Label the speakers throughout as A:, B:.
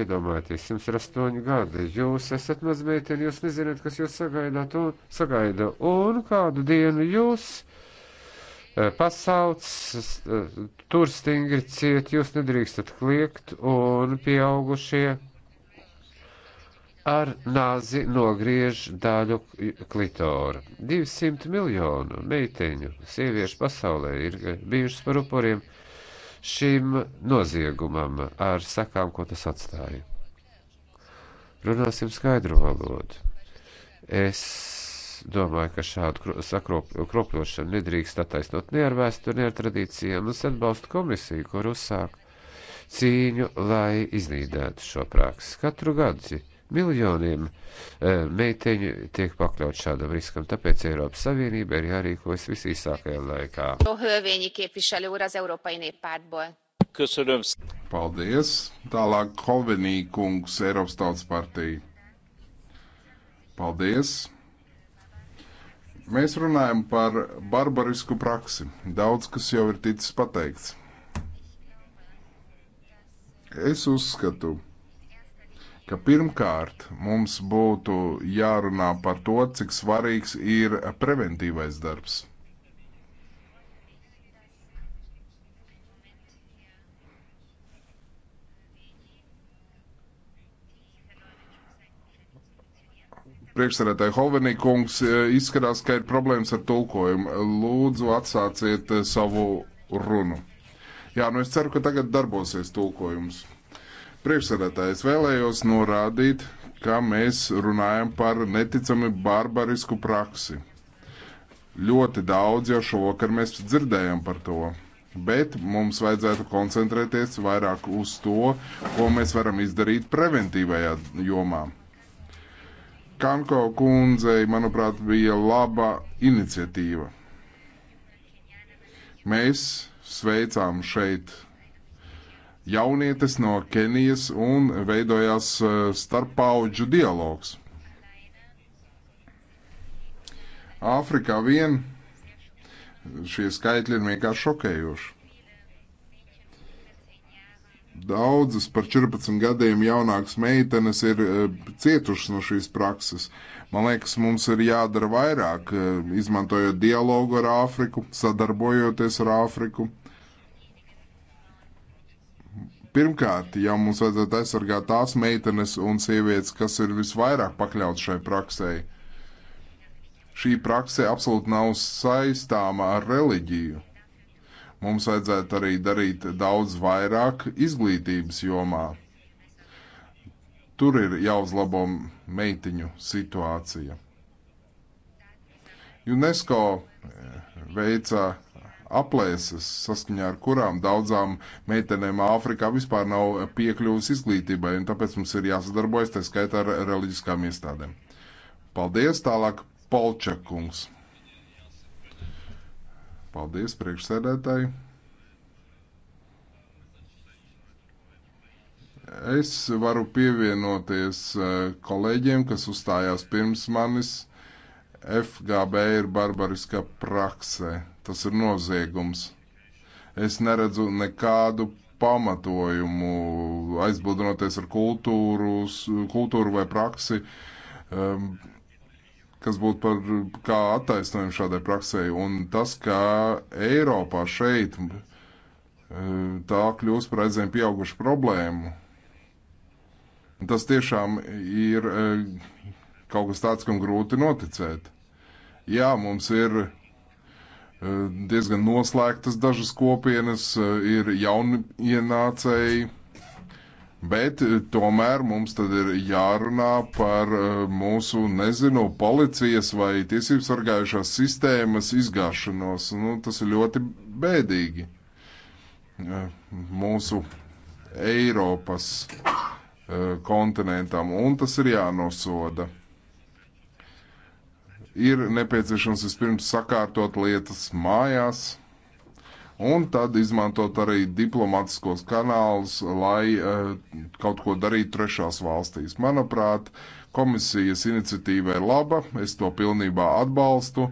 A: iedomājieties, jums ir astoņi gadi, jūs esat mazmeiteni, jūs nezināt, kas jūs sagaidāt un sagaida, un kādu dienu jūs e, pasauc, e, tur stingri ciet, jūs nedrīkstat kliegt, un pieaugušie ar nāzi nogriež daļu klitoru. 200 miljonu meiteņu sieviešu pasaulē ir e, bijušas par upuriem šim noziegumam ar sakām, ko tas atstāja. Runāsim skaidru valodu. Es domāju, ka šādu sakropļošanu nedrīkst attaisnot ne ar vēsturi, ne ar tradīcijām. Es atbalstu komisiju, kur uzsāk cīņu, lai iznīdētu šo praksi. Katru gadu Miljoniem e, meiteņu tiek pakļaut šādam riskam, tāpēc Eiropas Savienība ir jārīkojas visīsākajā laikā.
B: Paldies! Tālāk Hovenī kungs, Eiropas Tautas partija. Paldies! Mēs runājam par barbarisku praksi. Daudz kas jau ir ticis pateikts. Es uzskatu, ka pirmkārt mums būtu jārunā par to, cik svarīgs ir preventīvais darbs. Priekšsēdētāji Hovenī kungs e, izskatās, ka ir problēmas ar tulkojumu. Lūdzu, atsāciet e, savu runu. Jā, nu es ceru, ka tagad darbosies tulkojums. Priekšsēdētāji, es vēlējos norādīt, ka mēs runājam par neticami barbarisku praksi. Ļoti daudz jau šovakar mēs dzirdējam par to, bet mums vajadzētu koncentrēties vairāk uz to, ko mēs varam izdarīt preventīvajā jomā. Kanko kundzei, manuprāt, bija laba iniciatīva. Mēs sveicām šeit jaunietes no Kenijas un veidojās eh, starppaudžu dialogs. Āfrikā vien šie skaitļi ir vienkārši šokējoši. Daudzas par 14 gadiem jaunākas meitenes ir eh, cietušas no šīs prakses. Man liekas, mums ir jādara vairāk, eh, izmantojot dialogu ar Āfriku, sadarbojoties ar Āfriku Pirmkārt, jau mums vajadzētu aizsargāt tās meitenes un sievietes, kas ir visvairāk pakļautas šai praksē. Šī praksē absolūti nav saistāma ar reliģiju. Mums vajadzētu arī darīt daudz vairāk izglītības jomā. Tur ir jāuzlabo meitiņu situācija. UNESCO veica aplēses, saskaņā ar kurām daudzām meitenēm Āfrikā vispār nav piekļuvis izglītībai, un tāpēc mums ir jāsadarbojas, tā skaitā ar reliģiskām iestādēm. Paldies, tālāk Polčakungs. Paldies, priekšsēdētāji. Es varu pievienoties eh, kolēģiem, kas uzstājās pirms manis FGB ir barbariska prakse. Tas ir noziegums. Es neredzu nekādu pamatojumu aizbildinoties ar kultūrus, kultūru vai praksi, um, kas būtu par kā attaisnojumu šādai praksē. Un tas, ka Eiropā šeit um, tā kļūst par aizvien pieaugušu problēmu, tas tiešām ir um, Kaut kas tāds, kam grūti noticēt. Jā, mums ir eh, diezgan noslēgtas dažas kopienas, eh, ir jaunienācēji, bet eh, tomēr mums tad ir jārunā par mūsu, nezinu, policijas vai tiesības sargājušās sistēmas izgāšanos. Nu, tas ir ļoti bēdīgi. Mūsu Eiropas kontinentam, un tas ir jānosoda ir nepieciešams vispirms sakārtot lietas mājās un tad izmantot arī diplomatiskos kanālus, lai uh, kaut ko darītu trešās valstīs. Manuprāt, komisijas iniciatīva ir laba, es to pilnībā atbalstu,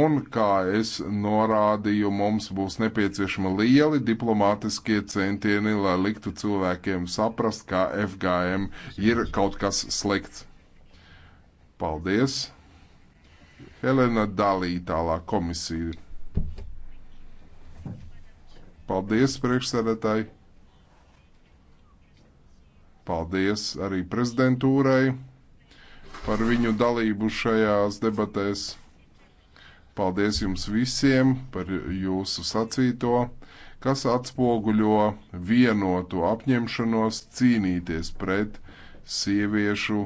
B: un, kā es norādīju, mums būs nepieciešama lieli diplomātiskie centieni, lai liktu cilvēkiem saprast, ka FGM ir kaut kas slikts. Paldies! Helena Dalī tālāk komisija. Paldies, priekšsēdētāji! Paldies arī prezidentūrai par viņu dalību šajās debatēs. Paldies jums visiem par jūsu sacīto, kas atspoguļo vienotu apņemšanos cīnīties pret sieviešu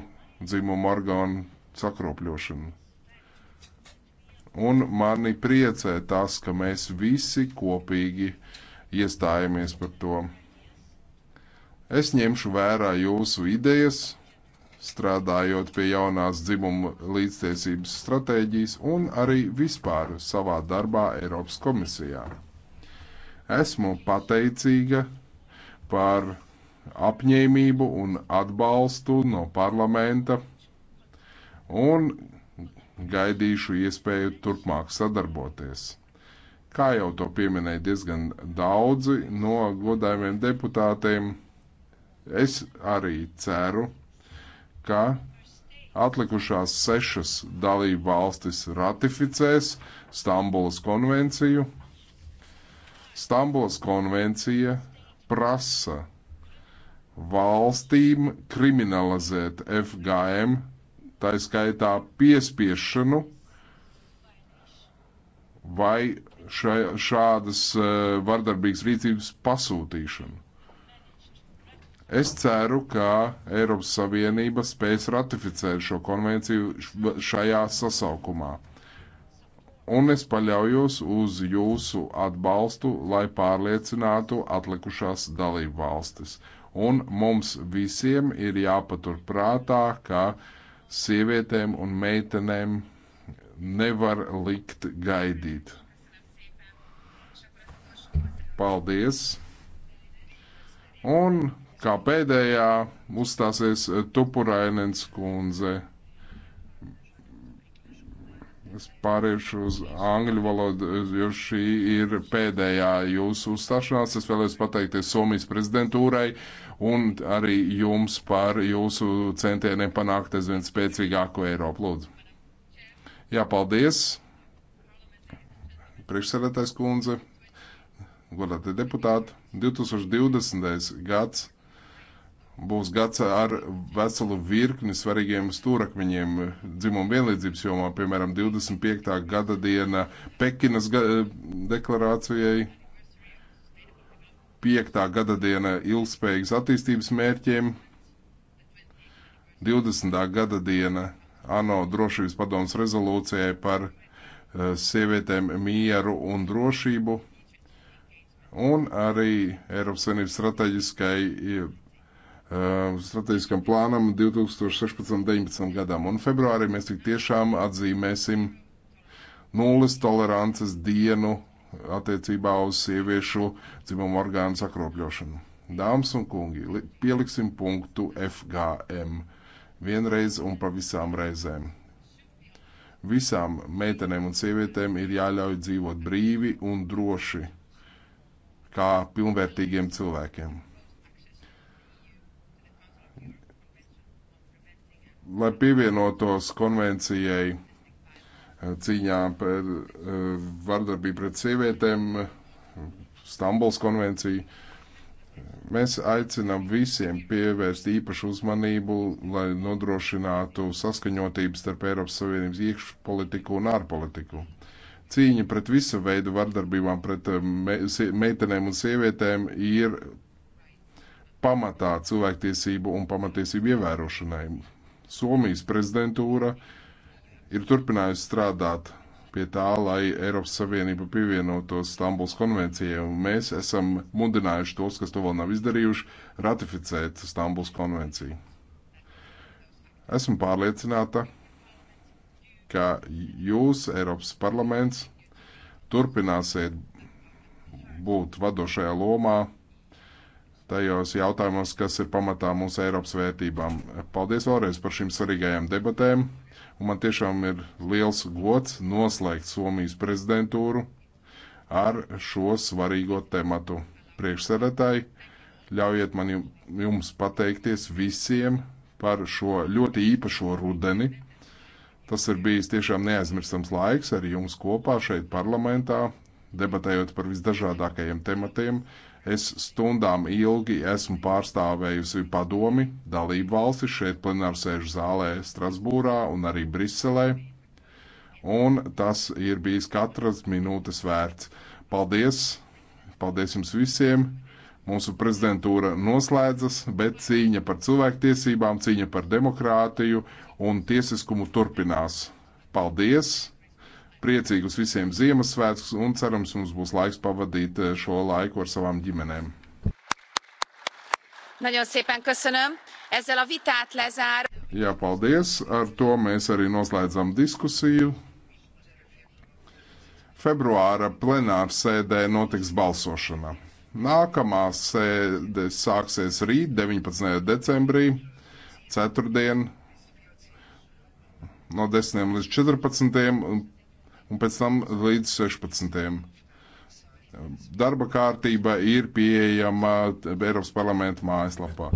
B: dzimumu orgānu sakropļošanu. Un mani priecē tas, ka mēs visi kopīgi iestājamies par to. Es ņemšu vērā jūsu idejas, strādājot pie jaunās dzimuma līdztiesības stratēģijas un arī vispār savā darbā Eiropas komisijā. Esmu pateicīga par apņēmību un atbalstu no parlamenta un gaidīšu iespēju turpmāk sadarboties. Kā jau to pieminēja diezgan daudzi no godājumiem deputātiem, es arī ceru, ka atlikušās sešas dalību valstis ratificēs Stambulas konvenciju. Stambulas konvencija prasa valstīm kriminalizēt FGM tā skaitā piespiešanu vai šā, šādas eh, vardarbīgas rīcības pasūtīšanu. Es ceru, ka Eiropas Savienība spēs ratificēt šo konvenciju šajā sasaukumā. Un es paļaujos uz jūsu atbalstu, lai pārliecinātu atlikušās dalību valstis. Un mums visiem ir jāpatur prātā, ka uh, sievietēm un meitenēm nevar likt gaidīt. Paldies! Un kā pēdējā uzstāsies Tupurainens kundze. Es pāriešu uz angļu valodu, jo šī ir pēdējā jūsu uzstāšanās. Es vēlēs pateikties Somijas prezidentūrai un arī jums par jūsu centieniem panākt aizvien spēcīgāku Eiropu. Lūdzu. Jā, paldies. Priekšsēdētājs kundze, godātie deputāti, 2020. gads būs gads ar veselu virkni svarīgiem stūrakmeņiem dzimuma vienlīdzības jomā, piemēram, 25. gada diena Pekinas ga deklarācijai, 5. gada diena ilgspējīgas attīstības mērķiem, 20. gada diena ANO drošības padomas rezolūcijai par eh, sievietēm mieru un drošību, un arī Eiropas Savienības strateģiskai Uh, strateģiskam plānam 2016-19 gadam. Un februārī mēs tik tiešām atzīmēsim nulles tolerances dienu attiecībā uz sieviešu dzimumu orgānu sakropļošanu. Dāmas un kungi, pieliksim punktu FGM vienreiz un pa visām reizēm. Visām meitenēm un sievietēm ir jāļauj dzīvot brīvi un droši, kā pilnvērtīgiem cilvēkiem. lai pievienotos konvencijai eh, cīņā par eh, vardarbību pret sievietēm, Stambuls konvenciju. Mēs aicinām visiem pievērst īpašu uzmanību, lai nodrošinātu saskaņotību starp Eiropas Savienības iekšpolitiku un ārpolitiku. Cīņa pret visu veidu vardarbībām pret eh, me meitenēm un sievietēm ir pamatā cilvēktiesību un pamatiesību ievērošanai. Somijas prezidentūra ir turpinājusi strādāt pie tā, lai Eiropas Savienība pievienotos Stambuls konvencijai, un mēs esam mudinājuši tos, kas to vēl nav izdarījuši, ratificēt Stambuls konvenciju. Esmu pārliecināta, ka jūs, Eiropas parlaments, turpināsiet būt vadošajā lomā tajos jautājumos, kas ir pamatā mūsu Eiropas vērtībām. Paldies vēlreiz par šīm svarīgajām debatēm, un man tiešām ir liels gods noslēgt Somijas prezidentūru ar šo svarīgo tematu. Priekšsēdētāji, ļaujiet man jums pateikties visiem par šo ļoti īpašo rudeni. Tas ir bijis tiešām neaizmirstams laiks ar jums kopā šeit parlamentā, debatējot par visdažādākajiem tematiem, Es stundām ilgi esmu pārstāvējusi padomi, dalību valsti šeit plenārsēžu zālē Strasbūrā un arī Briselē, un tas ir bijis katras minūtes vērts. Paldies! Paldies jums visiem! Mūsu prezidentūra noslēdzas, bet cīņa par cilvēktiesībām, cīņa par demokrātiju un tiesiskumu turpinās. Paldies! Priecīgus visiem Ziemassvētkus un cerams, mums būs laiks pavadīt eh, šo laiku ar savām ģimenēm.
A: Nagyon szépen köszönöm. Ezzel a vitát lezár.
B: Jā, paldies. Ar to mēs arī noslēdzam diskusiju. Februāra plenārsēdē notiks balsošana. Nākamā sēde sāksies rīt, 19. decembrī, ceturtdien, no 10. līdz 14 un pēc tam līdz 16. Darba kārtība ir pieejama Eiropas parlamenta mājaslapā.